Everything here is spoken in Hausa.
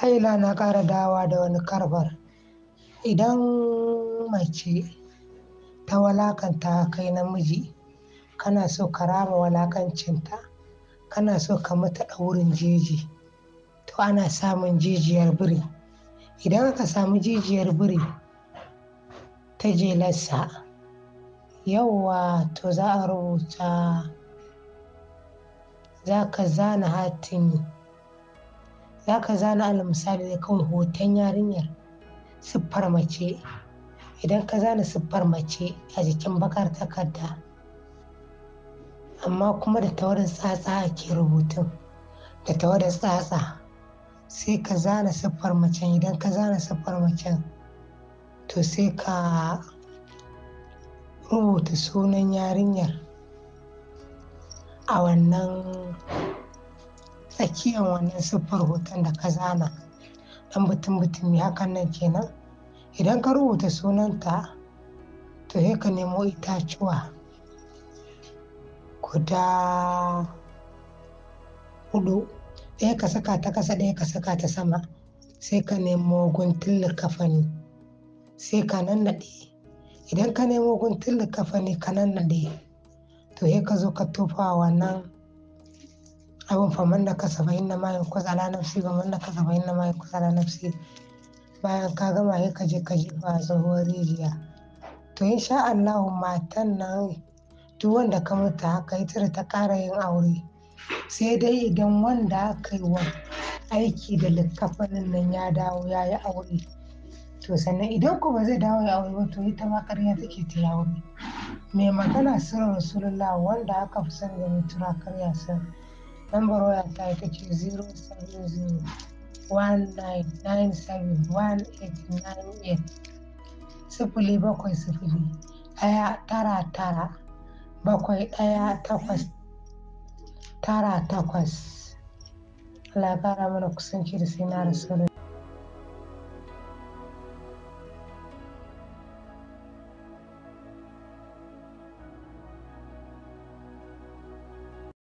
haila na ƙara dawa da wani karbar idan mace ta walakanta kai namiji kana so ka rama walakancinta kana so ka mata wurin jeji to ana samun jijiyar biri idan aka samu jijiyar biri ta jelarsa yauwa to za a rubuta za ka zana hatimi za ka zana alal misali ne kan hoton yarinyar siffar mace idan ka zana siffar mace a jikin bakar takarda amma kuma da tawadar tsatsa a ke rubutun da tawadar tsatsa sai ka zana siffar macen idan ka zana siffar mace to sai ka rubuta sunan yarinyar a wannan tsakiyan wannan siffar hoton da ka zana dan mutum mutumi hakan nan kenan idan ka rubuta sunanta to sai ka nemo itacuwa guda hudu ɗaya ka saka ta ƙasa ɗaya ka saka ta sama sai ka nemo guntun likafani sai ka nannaɗe idan ka nemo guntun likafani ka nannaɗe to sai ka zo ka tofa wannan abin faman da kasa na mayan kusa na nafsi ba man da kasa na na mayan kusa na nafsi bayan ka gama sai ka je ka jefa tsohuwar rijiya to insha Allah matan nan duk wanda ka mutu haka ita ta kara yin aure sai dai idan wanda aka yi wa aiki da likkafanin nan ya dawo ya yi aure to sannan idan ku ba zai dawo ya aure ba to ita ma karya take ta aure mai magana sirrin rasulullah wanda aka fi son da mutura karya sirri Number waya ta one eight nine eight sifili bakwai sifili ɗaya tara tara bakwai ɗaya takwas tara takwas. Allah ya ƙara mana kusanci da sai na rasu